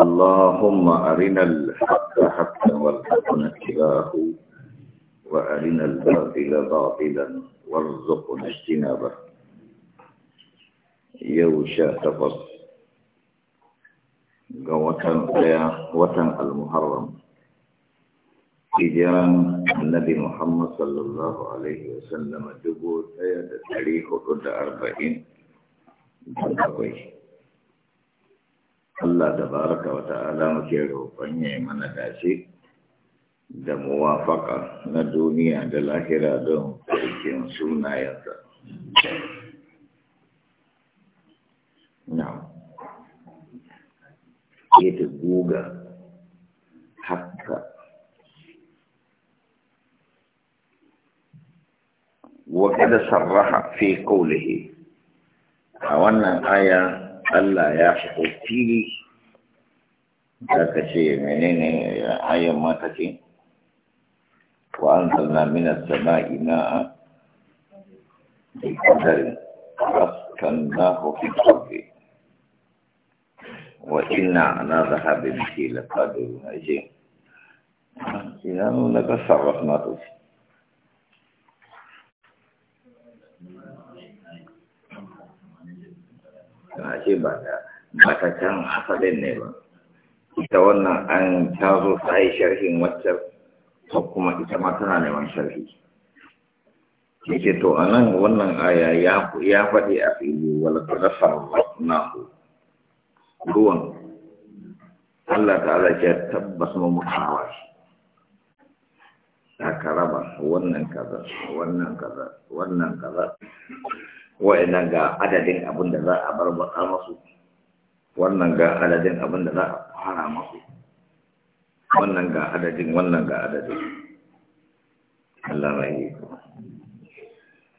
اللهم أرنا الحق حقا والحق اتباعه وأرنا الباطل باطلا وارزقنا اجتنابه يوشا تفص غوتن يا وطن المحرم إجران النبي محمد صلى الله عليه وسلم جبوت أيد تاريخ كنت أربعين Allah da baraka wa ta'ala muke roƙon ya yi mana dace da muwafaka na duniya da lahira don aikin sunayensa. Now, ita guga haka وقد صرح في A wannan aya. Allah ya fito fili da ka ce menene ayan mata ce wa an sanna mina sama'i na kadari askan na hofi kofi wa ina na zahabin ke lafadarun aje ina nuna ka sarrafa na tofi a ce ba ta ba ta can asalin ne ba ita wannan an ta zo ta yi sharhin waccan ko kuma ita ma tana neman sharhi yake to a nan wannan aya ya faɗi a fili wala ta na ku ruwan Allah ta'ala ke tabbas mu mutawa shi aka raba wannan kaza wannan kaza wannan kaza wa'annan ga adadin abin da za a barbata masu wannan ga adadin abin da za a fara masu wannan ga adadin wannan ga adadin Allah rayu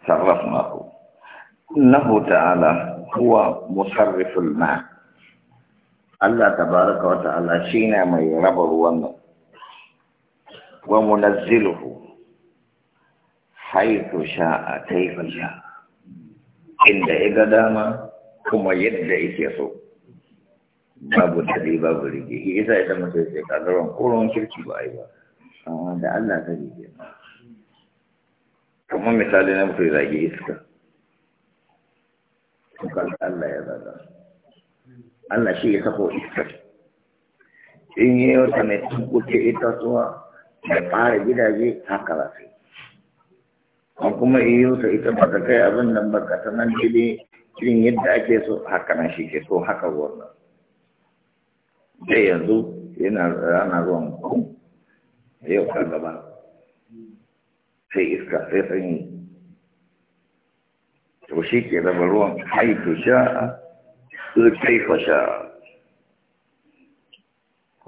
sarraf ko. nahu ta'ala huwa musarriful ma Allah tabaraka wa ta'ala ne mai raba ruwan nan ومنزله حيث شاء كيف شاء dama kuma كما يدعي so. babu daɗi babu shi isa ita mutum ka zaron koron kirki ba ai yi ba amma da Allah ta rigigi kuma misali na mutum zage iska Kuma Allah ya zaga Allah shi ya sako iska in yi wata mai ita itatuwa da tsara gidaje haka za su yi an kuma iyo sa ita ba ta kai abin nan ba ka sanar dai irin yadda ake so haka nan shi ke so haka wannan dai yanzu yana rana ruwan ku yau ka gaba sai iska sai sanyi to shi ke raba ruwan haitu sha'a kai fa sha'a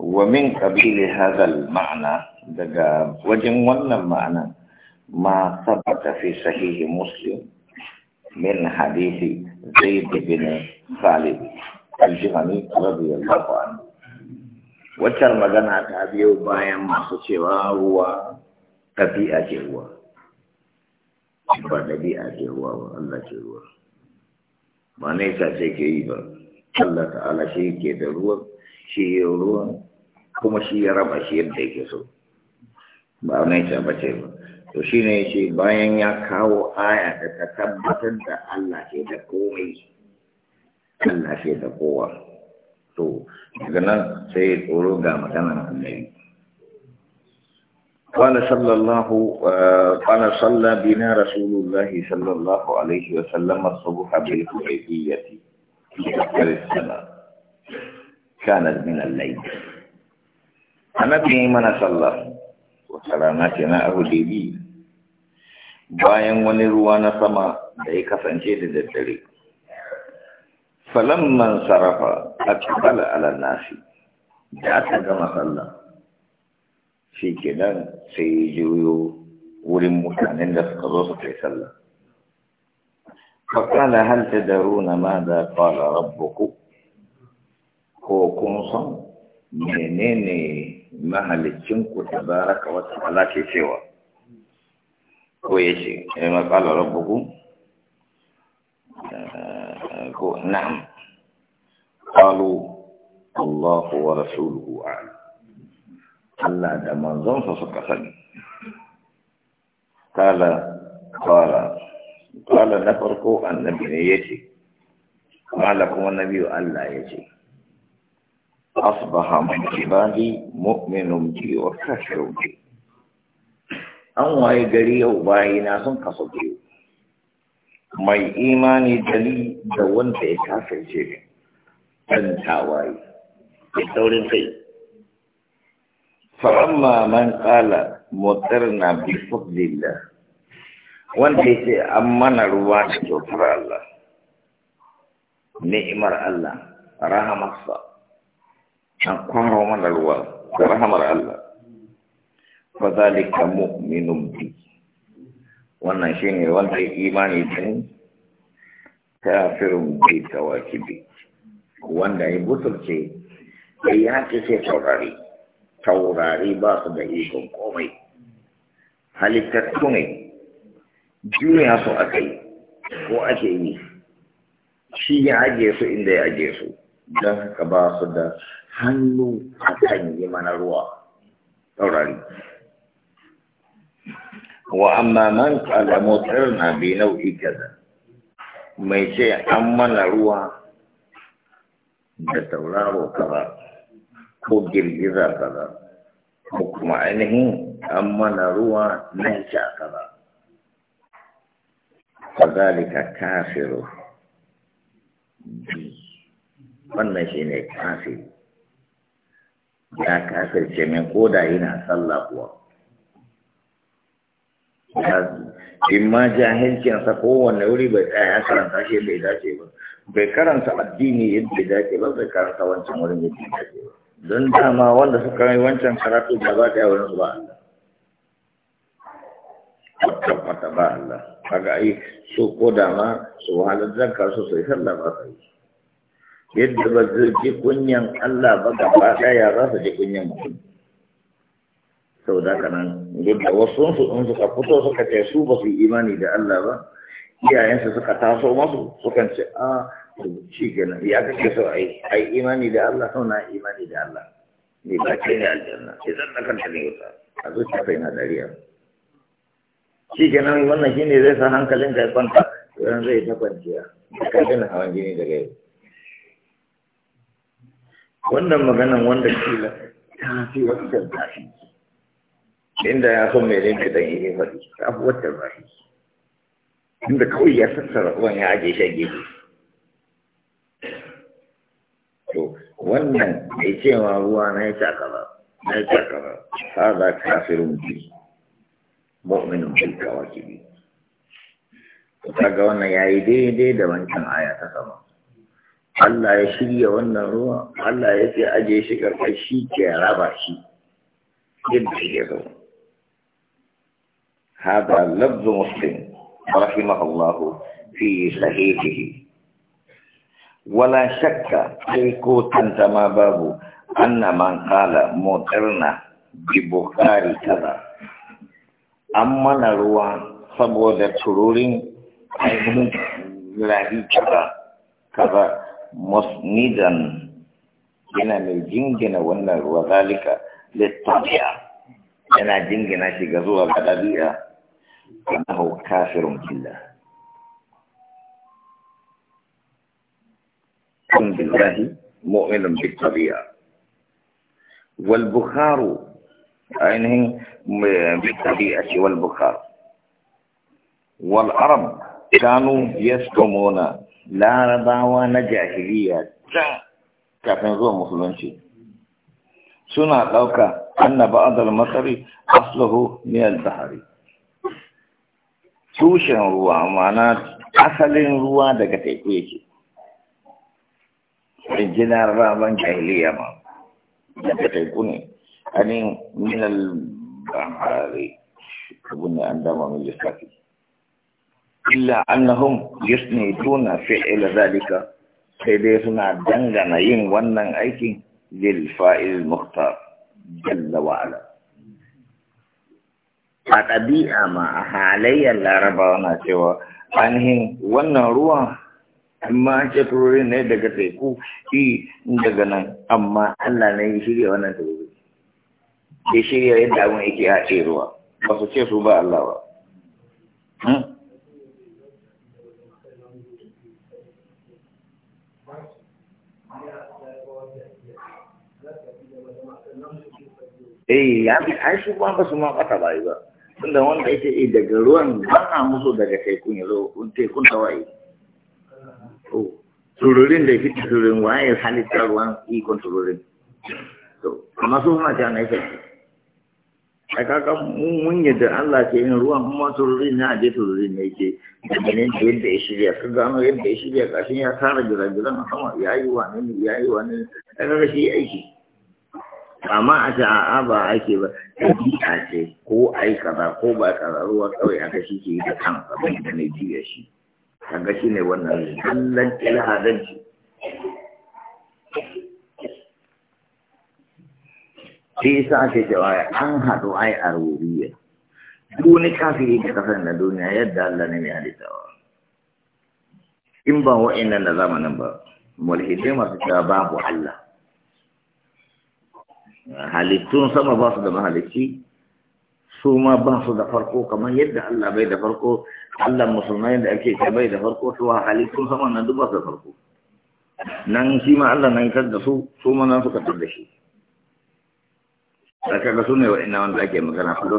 ومن قبيل هذا المعنى daga wajen wannan ma'anan ma sabata fi sahihi muslim min hadisi zaid bin khalid al-jihani radiyallahu anhu waccar magana ta biyo bayan masu cewa ruwa tabi'a ce ruwa ba dabi'a ce ruwa ba Allah ce ruwa ba ne ta ce ke yi ba Allah ta'ala shi ke da ruwan shi ya ruwan kuma shi ya raba shi yadda yake so ba wani tabbace ba to shi ne bayan ya kawo aya da ta tabbatar da Allah ke da komai Allah ke da kowa to daga nan sai tsoro ga maganar annabi قال صلى الله قال صلى بنا رسول الله صلى الله عليه وسلم الصبح بالحديبية في آخر السنة كانت من الليل أنا في من صلى wata rana ce na ahulibi bayan wani ruwa na sama da ya kasance da daddare falamman sarrafa a cikin nasi da aka gama sallah shi ke sai juyo wurin mutanen da suka zo su kai sallah فقال هل تدرون ماذا قال ربكم ko kun san menene mahalicinku da baraka wata ala ke cewa ko ya ce ya eh, matsala rabbuku eh, ko na'am qalu Allahu wa rasuluhu a'lam Allah da manzon sa suka sani kala kala kala na farko annabi ne ce. kala kuma biyu Allah ya ce. أصبح من عبادي مؤمن بي وكافر بي أن واي غري وباينا سن كسو biyu. mai imani dali da wanda ya kafirce ne ɗan tawaye Ya saurin kai fa'amma man ƙala motsar na bi fadlillah wanda ya ce an mana ruwa da kyautar Allah ni'imar Allah rahamarsa an kwaro mana ruwa da rahamar Allah fa zalika mu'minun bi wannan shine wanda ya imani da ni kafirun bi tawakibi wanda ya butulce ya yi haƙi sai taurari taurari ba su da ikon komai halittattu ne juya su aka yi ko ake yi shi ya ajiye su inda ya ajiye su don ka ba su da hannu a kan yi mana ruwa taurari wa amma man kala motsar na bi nau'i kaza mai ce an mana ruwa da tauraro kaza ko girgiza kaza ko kuma ainihin an mana ruwa nan sha kaza فذلك كافر wannan shi ne kafin, ya kafirce min da yana sallah kuwa in ma jahilcinsa kowane wuri bai tsaya karanta shi bai dace ba bai karanta addini yadda dace ba bai karanta wancan wurin yadda dace ba don dama wanda suka yi wancan karatu ba za ta yi wurin su ba Allah kwata ba Allah kaga ai su ko dama su wahalar zanka su sai sallah ba yi. yadda ba zai ji kunyan Allah ba gaba ɗaya za su ji kunyan mutum sau da kanan nan, yadda wasu su in suka fito suka ce su ba su yi imani da Allah ba iyayensu suka taso masu sukan ce a ci gina, ya kake so a yi imani da Allah sau na imani da Allah ne ba ce ne aljanna ke zan na ta ne wuta a zuciya kai na dariya shi kenan wannan ne zai sa ka ya kwanta yanzu zai ta kwanciya da gina hawan jini daga yau wannan maganan wanda kila ta fi wancan zafi inda ya so mai rinka dan yi faɗi ta fi wancan zafi inda kawai ya sassara uwan ya ajiye shi a gefe to wannan mai cewa ruwa na ya takara na ya takara ba ha za ka kafirin bi mu'minin bi kawaki bi ta ga wannan ya yi daidai da wancan aya ta sama Allah ya shirya wannan ruwa Allah ya ce aje shi karɓar shi ke raba shi yadda ya zo هذا لفظ مسلم رحمه الله في صحيحه ولا شك أيكو تنتما بابو أن من قال موترنا ببخاري كذا أما نروى صبو ذا أي من راهي كذا كذا مسندا هنا من جنجنا والنار وذلك للطبيعة أنا جنجنا في قضوة قدبية أنه كافر بالله كن بالله مؤمن بالطبيعة والبخار أينه يعني بالطبيعة والبخار والعرب كانوا يسكمون larabawa na jahiliya can kafin zuwa musulunci suna ɗauka anna ba'adar masari aslahu miyar zahari tushen ruwa mana asalin ruwa daga teku yake rinjinar raban jahiliya ma daga teku ne anin minal bahari abin da an dama mai lissafi illa annahum yusniduna fi'la zalika sai dai suna dangana yin wannan aikin lil fa'il muhtar jalla wa ala a ɗabi'a ma a halayyar Laraba na cewa ainihin wannan ruwan amma ce turori ne daga teku i daga nan amma allah ne ya shirya wannan turori ya shirya yadda abin yake haɗe ruwa ba su ce su ba allah ba hmm? eh ya fi ai su ba su ma bata bayi ba tunda wanda yake eh daga ruwan bana musu daga tekun ya zo kun tekun tawaye to tururin da yake tururin waye halittar ruwan ikon tururin to amma su ma ta na yake a kaka mun yadda Allah ke yin ruwan kuma tururin na aje tururin ne yake da ganin yadda ya shirya ka gano yadda ya shirya kashin ya tara jiragiran a sama ya yi wa ya yi aiki amma a ce a'a ba ake ba ɗabi'a ce ko a yi kaza ko ba kaza ruwa kawai aka shi ke yi da kansa bai da na jiya shi kaga shi ne wannan kallon ilhadanci shi isa ake cewa an haɗu ai a ruriya duni kafiri ka kasar na duniya yadda Allah ne mai halittawa in ba nan da zamanin ba mulhidai masu cewa babu Allah halittun sama ba su da mahalicci su ma ba su da farko kamar yadda Allah bai da farko Allah musulmai da ake ce bai da farko su wa halittun sama nan duk ba su da farko nan shi ma Allah nan kar da su su ma nan suka tar da shi da kaga su ne ina wanda ake magana da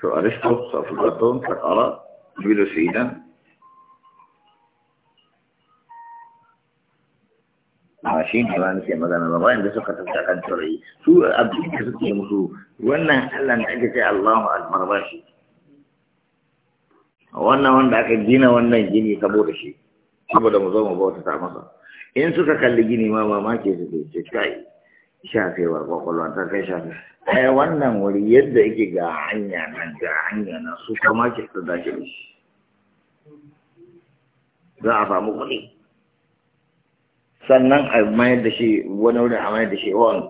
su aristo su afulaton sakara bilu sidan a shi ne ba nake magana ba wanda suka tafi kan turai su abin da suke musu wannan Allah ne ake ce Allahu akbar ba shi wannan wanda aka gina wannan gini saboda shi saboda mu zo mu bauta ta masa in suka kalli gini ma ke su ce kai shafewa kwakwalwa ta kai shafe ai wannan wuri yadda yake ga hanya nan ga hanya nan su kuma ke su dace da shi za a samu kuɗi sannan a mayar da shi wani wurin a mayar da shi wani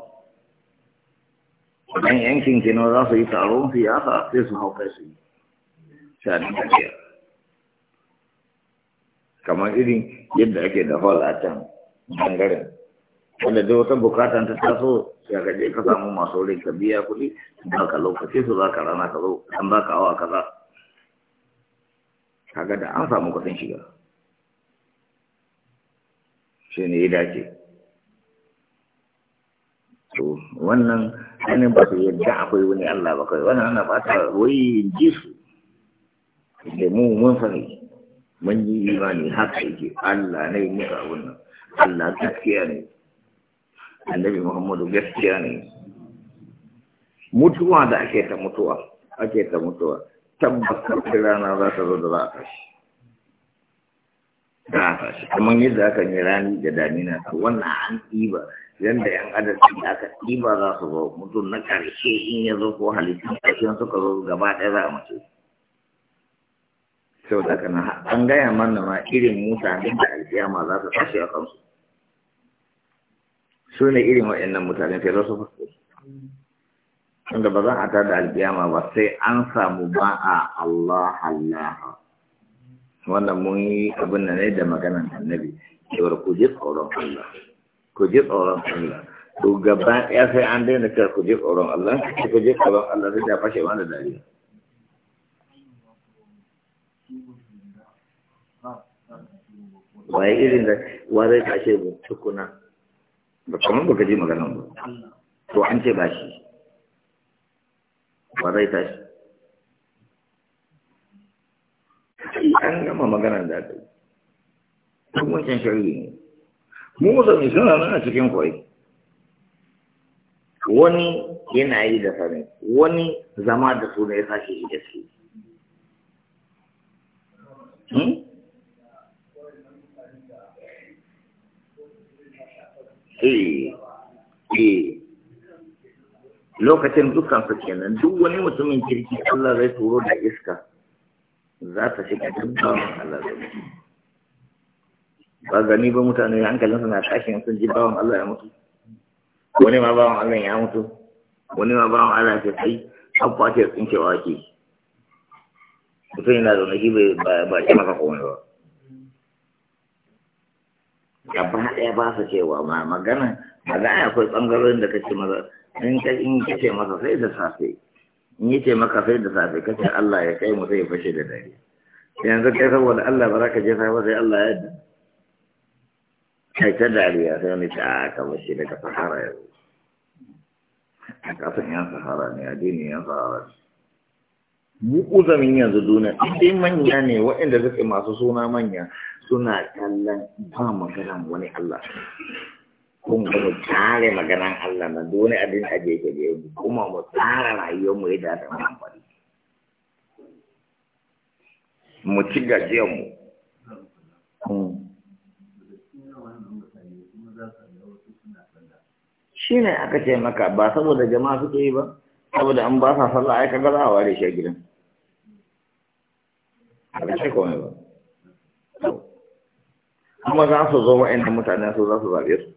ɗan yankin kenan za su yi taron siyasa sai su hau kai su yi shanin tafiya kamar irin yadda ake da hall a can ɓangaren wanda da wata bukatan ta taso ya gaje ka samu masu wurin ka biya kuɗi ba ka lokaci su za ka rana ka zo an ba ka awa kaza kaga da an samu kuɗin shiga shi ne ya dace to wannan hannun ba su yadda akwai wani Allah ba kai wannan ana fata wai ji su da mu mun fari mun yi imani haka yake Allah ne ne a wannan Allah gaskiya ne annabi Muhammadu gaskiya ne mutuwa da ake ta mutuwa ake ta mutuwa da rana za ta zo da za a tashi da shi kamar yadda aka yi rani da damina wannan an ɗiba yadda yan adadin da aka ɗiba za su zo mutum na ƙarshe in ya zo ko halittun ƙarshen suka zo gaba ɗaya za a mace sau da kana an gaya mana ma irin mutanen da alkiyama za su tashi a kansu su ne irin waɗannan su filosofa wanda ba za a tada alkiyama ba sai an samu ba a Allah Allah wannan mun yi abin da ne da maganan annabi cewar ku ji tsoron Allah ku ji tsoron Allah to gaba ya sai an daina ka ku ji tsoron Allah ku ji tsoron Allah sai da fashe wani dariya waye irin da ware zai kashe mu tukuna ba kamar baka ji maganan ba to an ce ba shi wa tashi an gama magana da ta yi duk wancan shari'i ne mu musulmi suna nan a cikin kwai wani yana yi da sani wani zama da su ne ya sashe shi da su hmm? eh, eh. lokacin dukkan su kenan duk wani mutumin kirki Allah zai turo da iska za ta shiga dabbawan Allah zai mutu ba gani ba mutane hankalinsu na tashin sun ji bawan Allah ya mutu wani ma bawan Allah ya mutu wani ma bawan Allah ya sai an kwace tsinkewa ke mutum yana zaune shi bai ba shi maka komai ba gaba ɗaya ba su cewa ma magana magana akwai ɓangarorin da kace maza in kace masa sai da safe Ni ce maka sai da safe kace Allah ya kai mu sai ya fashe da dare yanzu kai saboda Allah ba za ka je safe sai Allah ya kai ta dariya sai ni ta ka mushi daga sahara yanzu a ta yan sahara ne addini yan sahara ne mu uzamin yanzu duniya idan manya ne waɗanda suke masu suna manya suna kallon ba magana wani Allah kun ba mu kare maganan Allah na dole abin a je ke je kuma mu tsara rayuwar mu yadda ta amfani mu ci gajiyar mu hmm. shi ne aka ce maka ba saboda jama'a suke yi ba saboda an ba sa sallah ai kaga za a ware shi a gidan a ba shi komai ba kuma za su zo wa'annan mutanen su za su zaɓe su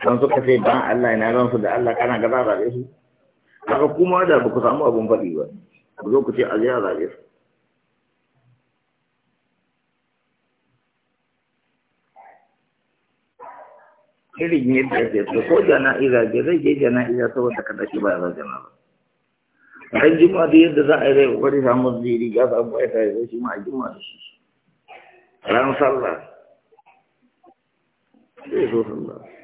don suka ce ban Allah ina ran su da Allah kana ga za zaɓe su haka kuma da ba ku samu abun faɗi ba ku zo ku ce a je a zaɓe su irin yadda ya ce ko jana'iza je zai je jana'iza saboda kada shi ba ya zai jana ba ran juma'a da yadda za a yi zai kokari samu ziri ya samu ya tare da shi ma a juma'a da shi ran sallah zai so sallah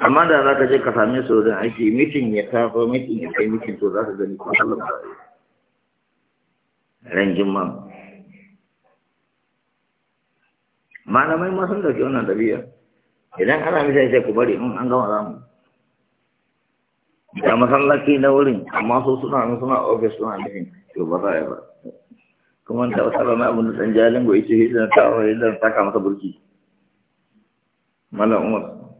amma da za ka je ka same su wajen aiki mitin ya kafa mitin ya kai mitin to za ka gani ko Allah ba ran jimma malamai ma sun dauki wannan dabiya idan ana misali sai ku bari in an gama za mu da masallaci na wurin amma su suna nan suna ofis suna nufin to ba za a yi ba kuma da wata na abin da ɗan jalin goyi ce hidin ta hidin ta kama ta burki malam umar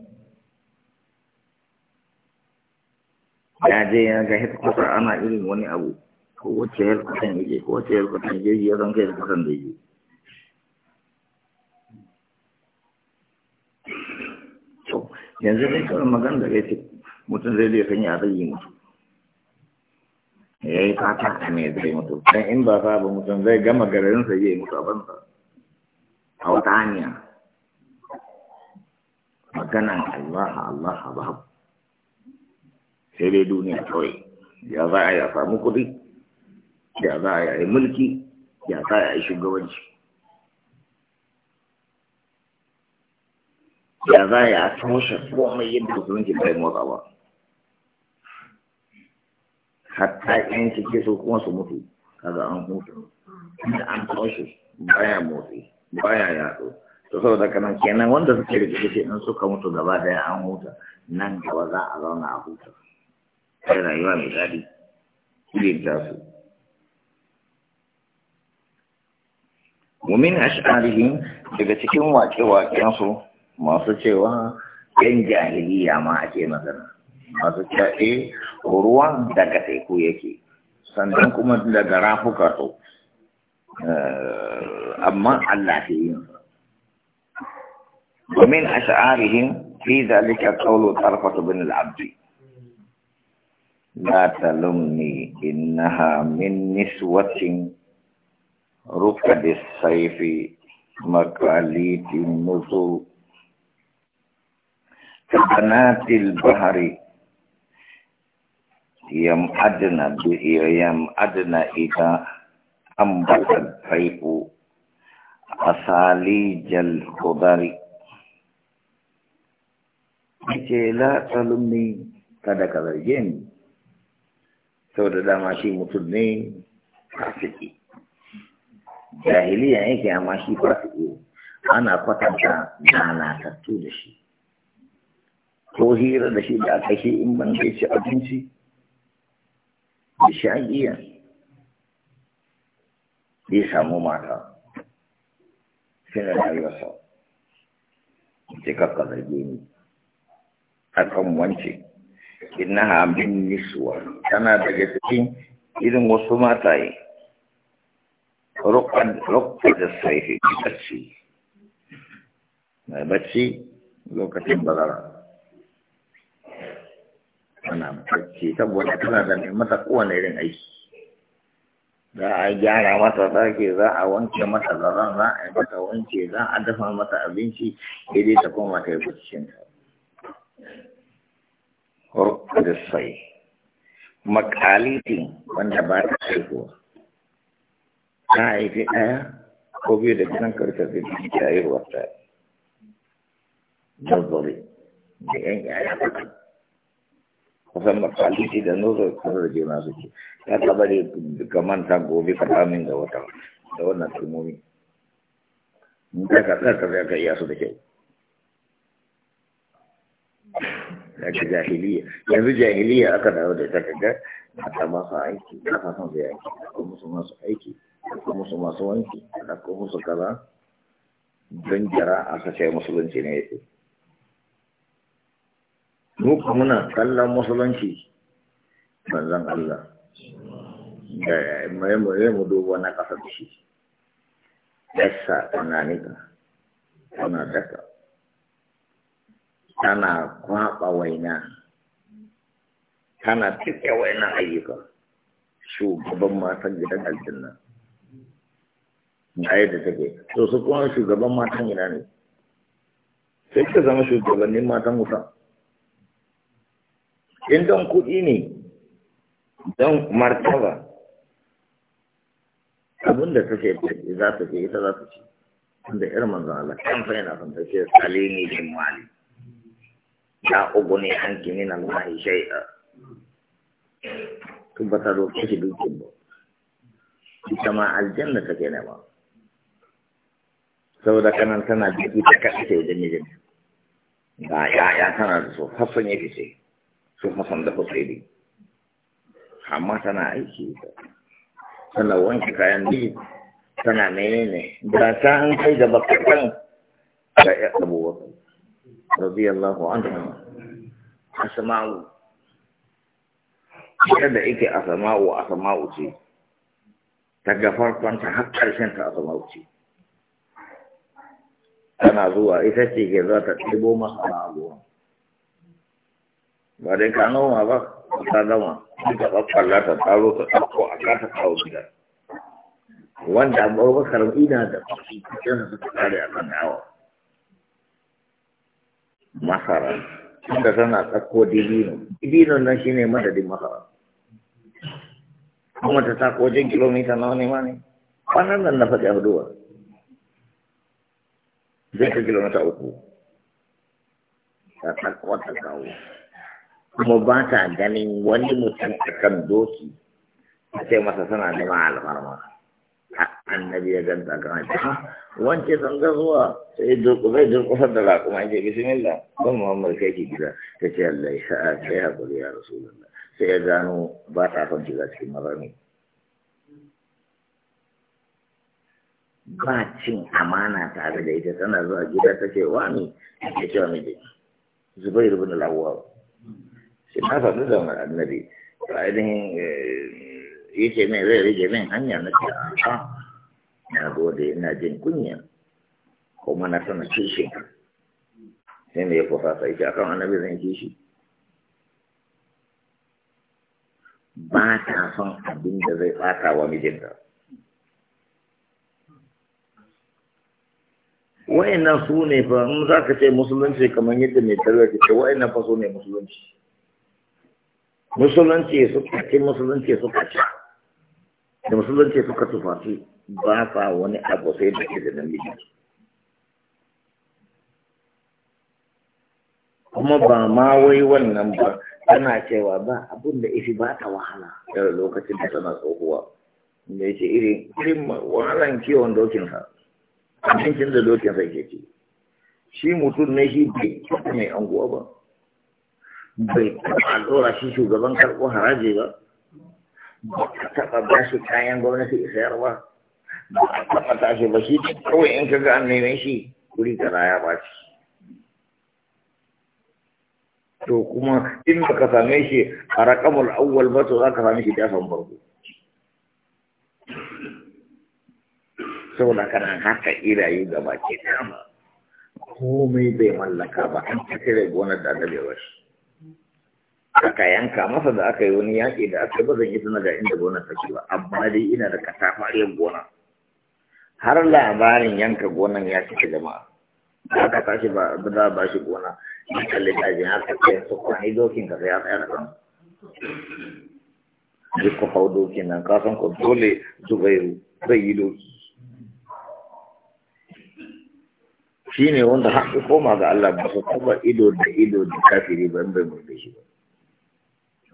ya je ya ga kusa ana irin wani abu ko wacce headquarter yake ko wacce headquarter yake ya san kai headquarter da yi. to yanzu dai kawai magana da kai mutum zai zai sanya a zai mutu ya yi fata a ne zai yi mutu dan in ba sa ba mutum zai gama gararinsa ya yi mutu a bansa a wata hanya maganan Allah Allah babu sai dai duniya kawai ya za a ya samu kudi ya za a yi mulki ya za a yi shugabanci ya za a toshe komai yadda musulunci bai motsa ba hatta yan cike su kuma su mutu kaga an mutu Inda an toshe baya motsi baya yaɗo to da kanan kenan wanda suke rikice in suka mutu gaba daya an huta nan gaba za a zauna a huta kai rayuwa mai daɗi irin tasu mumin ash'arihim daga cikin waƙe-waƙensu masu cewa yan jahiliya ma ake magana masu cewa eh ruwan daga teku yake sannan kuma daga rafuka to eh, amma Allah ke yin ومن أشعارهم في ذلك قول طرفة بن العبد la talumni innaha min niswatin rukadis saifi makaliti nuzul kanatil bahari yam adna bi yam adna ida ambatan faifu asali jal khudari kecela talumni kada kada jeni sau da dama shi mutum ne fasiki jahiliya yake amma shi fasiki ana kwatanta lalatattu da shi ko hira da shi da aka shi in ban ke ci abinci da shagiya ya samu mata sai da rayuwarsa ce kakka zarge ni akan wance innaha min niswa tana daga cikin irin wasu mataye rukkan rukka da saifi bacci mai bacci lokacin bazara ana bacci saboda tana da mai mata kowane irin aiki za a gyara mata ɗaki za a wanke mata zaran za a yi mata wanke za a dafa mata abinci idai ta koma ta yi baccinta da sai makalitin wanda ba ta haihuwa ta haifi ɗaya ko biyu da gidan karkar da biyu ta haihuwa ta nazari da yan yaya bakin kusan makaliti da nazari kusa da juna suke ta taba da ka manta gobe ka damin da wata da wannan kalmomi in ka ka ka iya su da kyau daga jahiliya yanzu jahiliya aka dawo da ita kaga mata masu aiki kafa son zai aiki ko musu masu aiki ko musu masu wanki ko musu kaza don jara a kashe musulunci ne yake mu kuma muna kallon musulunci banzan Allah da mai mu mu duba na kasa da shi yassa tana nika tana daka tana kwaɓa waina tana cike waina ayyuka shugaban matan gidan aljanna ga yadda take to su kuma shugaban matan gida ne sai ka zama shugabannin matan wuta in don kuɗi ne don martaba Abin da ta ce za ta ce ita za ta ce wanda irin manzan Allah kan fa yana ta ce salini jin mali la uguni anki min Allah shay'a to ba ta roƙe shi dukin ba ita ma aljanna ta take nema saboda kanan tana biki ta kaɗa ta da mijin ga ya'ya tana da so hassan ya fice su hassan da husaini amma tana aiki tana wanke kayan biyu tana menene da ta an kai da bakakan ga ya abubuwa رضي الله عنهما أسمعوا kada yake a sama'u a sama'u ce ta gafar kwanta har ƙarshen ta a sama'u ce tana zuwa ita ce ke za ta ɗibo masa na abuwa ba dai ka noma ba ta dama duka kwalla ta taro ta ɗauko a kata kawo gida wanda abubakar ina da ƙarfi cikin su ta kare a kan dawa masara tunda tana tsakko dibino dibino nan shine madadin masara kuma ta tsako wajen kilomita nawa ne ma ne kwanan nan na faɗi a zai ka kilomita uku ta tsakko ta kawo kuma ba ta ganin wani mutum akan doki a ce masa suna neman alfarma annabi ya ganta kan ta wance san ga zuwa sai durku zai durkusar da raƙuma ya bismillah don muhammad kai ki gida ta ce allah ya sai haƙuri ya rasulullah sai ya gano ba ta son shiga cikin marami ba cin amana tare da ita tana zuwa gida ta ce wa wani ya ce wani ne zubairu bin lawwa sai na faɗi da annabi ba ainihin eh, yake min zai rage min hanya na ce a na gode ina jin kunya kuma na sana kishi sai me ya kofa sai ce akan annabi zan kishi ba ta son abin da zai fata wa mijinta wa'annan su ne fa in za ka ce musulunci kamar yadda mai tarar ke ce wa'annan fa su ne musulunci musulunci su ce musulunci su ce da musulunci suka tufafi ba sa wani abu sai da ke da namiji kuma ba ma wai wannan ba tana cewa ba abin da ifi ba ta wahala da lokacin da tana tsohuwa da ya ce irin irin wahalan kiwon dokinsa abincin da dokinsa ke ci shi mutum ne shi bai mai anguwa ba bai taɓa tsora shi shugaban karɓo haraji ba ba taɓa ba kayan gwamnati sayarwa ba ba a taɓa tashi ba shi kawai in ka ga an shi wuri kaza ya ɓaci to kuma in ba ka same shi a raƙamul awwal ba to za ka same shi dafan farko saboda kana haka irayi gaba ke dama komai bai mallaka ba an tafi da gonar da da aka yanka masa da aka yi wani yaƙi da aka yi ba zan yi tuna ga inda ta ce ba amma dai ina da katafariyar gona har labarin yanka gonan ya cika jama'a aka tashi ba za ba shi gona ya kalli dajin aka ce su kwani dokin ka ya tsaya da kan duk ku hau dokin nan ka san ku dole zubairu zai yi doki shi ne wanda haƙi koma ga Allah ba su taba ido da ido da kafiri ban bai murbe shi ba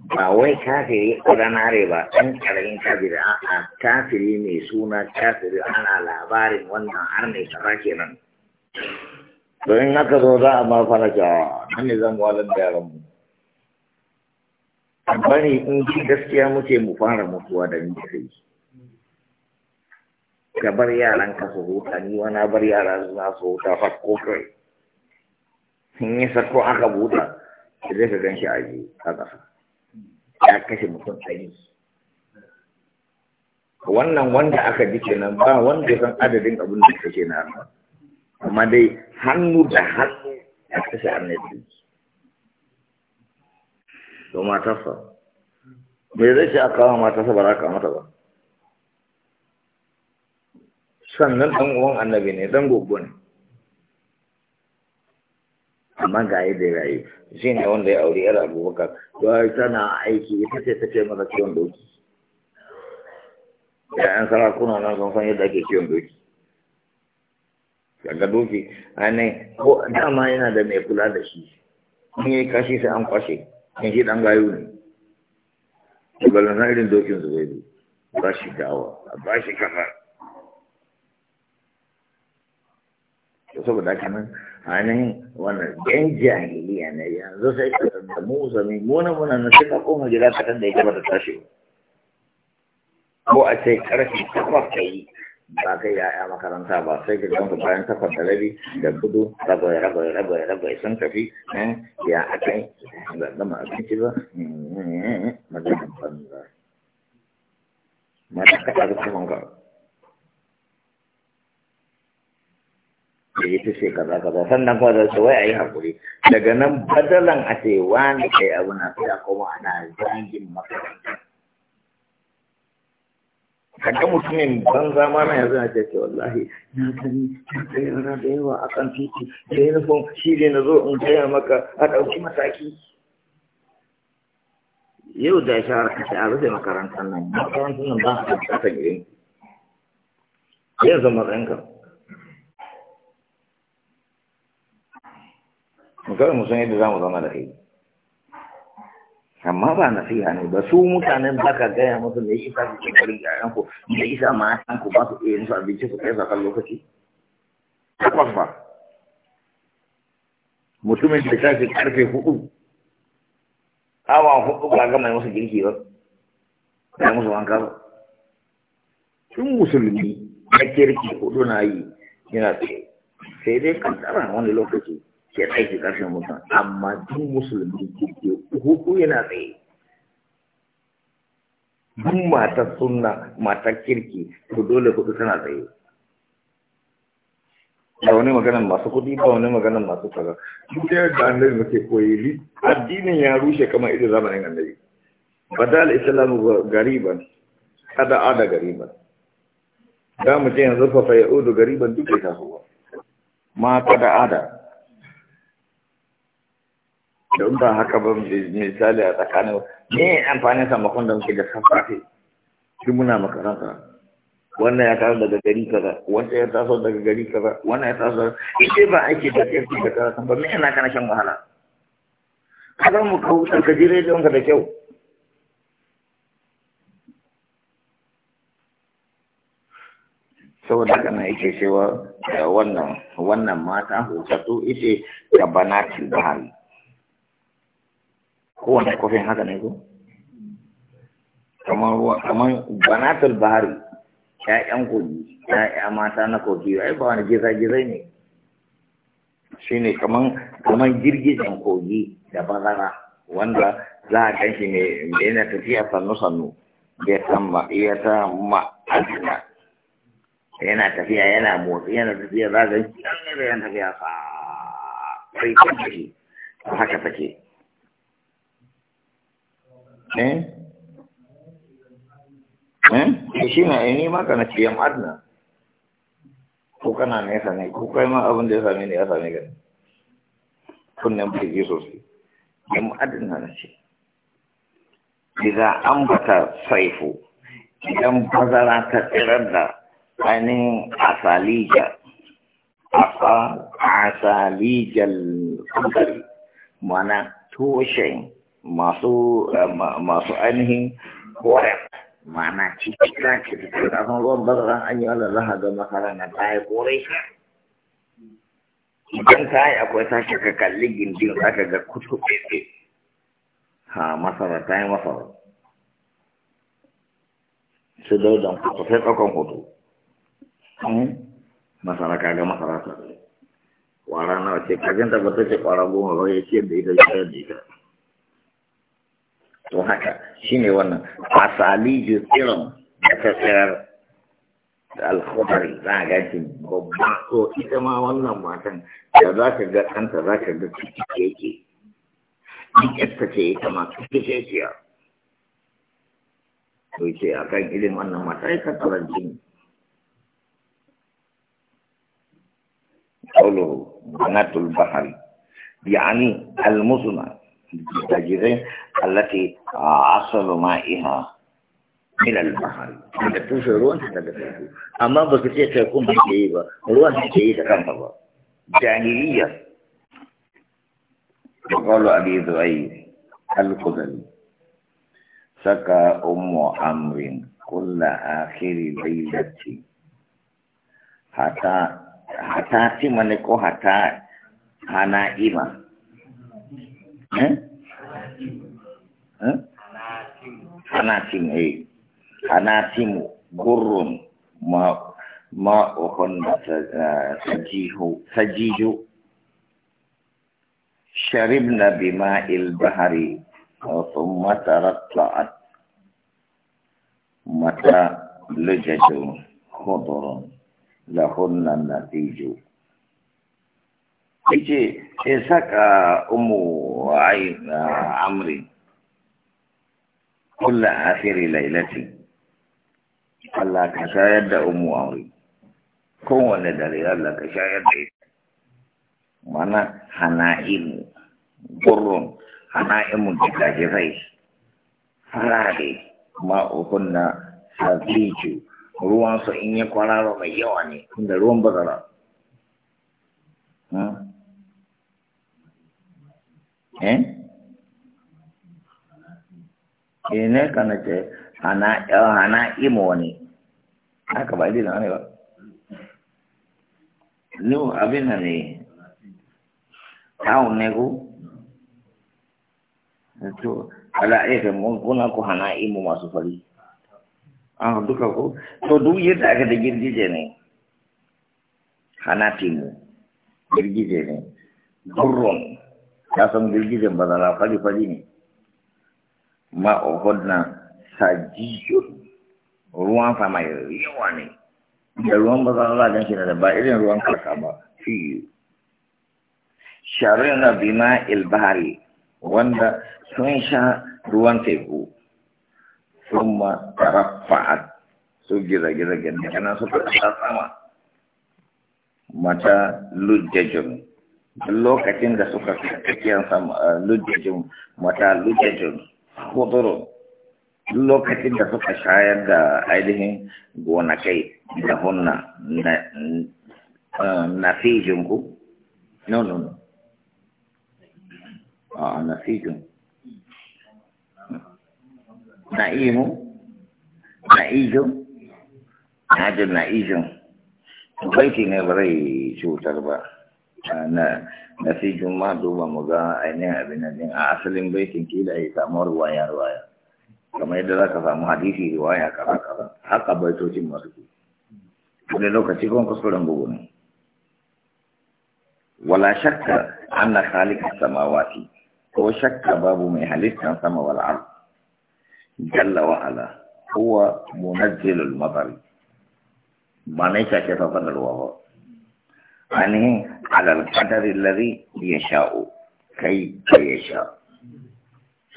ba wai kafiri ƙudanare ba ɗan ƙaramin kafiri a kafiri mai suna kafiri ana labarin wannan har mai kaza kenan don in aka zo za a ma fara jawa nan ne zan walar da yaran mu bari in ji gaskiya muke mu fara mutuwa da ni sai ka bar yaran ka su huta ni wani bar yara na su huta ko kai in yi sako aka buta zai ka gan shi a ji a ƙasa ya kashe mutum ɗari wannan wanda aka ji kenan ba wanda san adadin abin da kake na arna amma dai hannu da hannu ya kashe annabi to matarsa me zai ce a kawo matarsa ba za ka mata ba sannan ɗan uwan annabi ne ɗan gogo ne amma ga yadda da rayu shi ne wanda ya aure yar abubakar don tana aiki ita ce ta ce mata kiwon doki yayan sarakuna nan sun san yadda ake kiwon doki daga doki ainihin ko dama yana da mai kula da shi in yi kashi sai an kwashe in shi dan gayu ne shugaban na irin dokin zubairu ba shi dawa ba shi kamar saboda haka nan hannun wannan yan jahiliya ne yanzu sai ka da mu zami muna muna na sai ka koma gida ka da yake ba ta tashi ko a ce karfi takwas ka yi ba kai ya'ya makaranta ba sai ka ganka bayan takwas da rabi da gudu ragoye ragoye ragoye ragoye sun tafi eh, ya aka yi ga gama abinci ba eh, eh, magana banza mata ka ɗaga kuma yi ta shekara kaza sannan kuma da su wai a yi hakuri daga nan badalan a ce wani kai abu na fiya kuma ana zangin makaranta kaga mutumin ban zama na yanzu na ce ce wallahi na sani na kai rana da yawa a kan titi da uniform shi ne na zo in gaya maka a ɗauki mataki yau da a ce a rufe makarantar nan makarantar nan ba a kan irin yanzu matsayin ka kawai mu san yadda za mu zama da kai amma ba nasiha ne ba su mutanen ba ka gaya musu da isa su ke bari yayan ku da isa ma yayan ku ba su iya musu abinci su kai zakan lokaci takwas ba mutumin da tashi karfe hudu awa hudu ba ga mai musu girki ba ya musu wanka ba tun musulmi na kirki hudu na yi yana tsaye sai dai kaddara wani lokaci ke aiki ƙarshen mutum amma duk musulmi ke hudu yana tsaye duk matar sunna matar kirki to dole kudu tana tsaye ba wani maganar masu kudi ba wani maganar masu kaza duk da yadda annabi muke koyi addinin ya rushe kamar idan zamanin annabi badal islamu gariban kada ada gariban da mu ce yanzu fa fa yaudu gariban duk da tasowa ma kada ada don ba haka ba misali a tsakanin ne amfanin samakon da muke da safafe shi muna makaranta wannan ya taso daga gari kaza wanda ya taso daga gari kaza wannan ya taso ita ba ake da kai da kaza ba me yana kana shan wahala kada mu ka huta ka jira don ka da kyau saboda kana yake cewa wannan wannan mata hutatu ita gabanacin bahari kowane kofin haka ne ko kamar kamar banatul bahari ƴaƴan kogi ƴaƴa mata na kogi ai ba wani gizai gizai ne ne kaman kamar girgizan kogi da bazara wanda za a ganshi ne yana tafiya sannu sannu bai san ba iya ta ma'ajina yana tafiya yana motsi yana tafiya za a ganshi yana tafiya sa sai kan shi haka take eh eh maka eh, na eh, adna ko kana nesa ne ko kai ma abin da ya same ni ya same ka kunnen firgi sosai yam adna na ce idan ambata saifu idan bazara ta tsirar da ainihin asalija asa mana tushen masu eh, masu ainihin kore mana cikita cikita da kan ruwan bazaran an yi wanda za ga makaranta ta yi kore idan ta yi akwai sake ka kalli gindin za ka ga kutu ɗaiɗe ha masara ta yi masara su daudan kutu sai tsakon hoto hmm? masara ka ga masara ta kwara nawa ce kajin da ba ta ce kwara goma ba ya ce da ita ya da ita to haka shine wannan asaliju irin da ta tsayar da alkhudari za a gashi babba ko ita ma wannan matan da za ka ga kanta za ka ga ciki yake ɗiƙarta ce ita ma ciki ce ciya to ce a kan irin wannan matan ya kasa jini قوله بنات Bahari, يعني Almusulman, الجزيرة التي عصر مائها من البحر da tushe ruwan ta daga teku amma ba ka ce tekun da ke yi ba ruwan da ke yi da kanta ba jahiliya qalu abi zubayr al saka hata ko hata ima Anasim. eh Anasim. Gurun. ma ma ohon sajihu sajiju شربنا بماء البحر ثم ترطعت متى لجج خضر لهن natiju. yace sai saka ummu amri kulla asiri lailati Allah ka shayar da ummu amri kowane dare Allah ka shayar da ita mana hana'imu gurrun hana'imu da gaji rai farare Kuma ma'ukunna sabiju ruwansu in ya kwararo mai yawa ne inda ruwan bazara hmm? Eh? eh ne kana ce ana eh, ana imo ne haka ba idan ana ba no abin nan ne town ne ko to ala ife eh, mun kuna ko hana imo masu fari an duka ko to duk yadda aka da girgije ne hana timu girgije ne gurrun ya san girgijin bazara fari-fari ne ma'ohud na sajiyun ruwan sama yawa ne da ruwan bazara gan shi da ba irin ruwan kaka ba fiye sharin na bima ilbari wanda sun sha ruwan teku sun ma rafa'at su gira-gira gina kana suka sama mata lujjajin lokacin da suka cikin eh, lujjajin mata lujjajin hudurun lokacin da suka shayar da ainihin gonakai da hunna na eh, fijin ku? no no no a ah, na fijin na ihu na ijo na ajin na ijo baiti ne ba zai cutar ba na na fi juma duba mu ga ainihin abin a asalin baitin kila ya samu ruwaya ruwaya kamar yadda zaka samu hadisi riwaya kaza kaza haka baitocin masu ke wani lokaci kuma kuskuren bugu ne wala shakka anna khaliqas samawati ko shakka babu mai halittar sama wal ard jalla wa ala huwa munazzilul matar ba shake fa ruwa ani alal qadari alladhi yasha'u kayfa yasha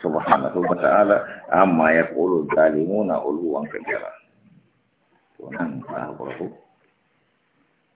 subhanahu wa ta'ala amma yaqulu zalimuna ulwan kabira wa nahnu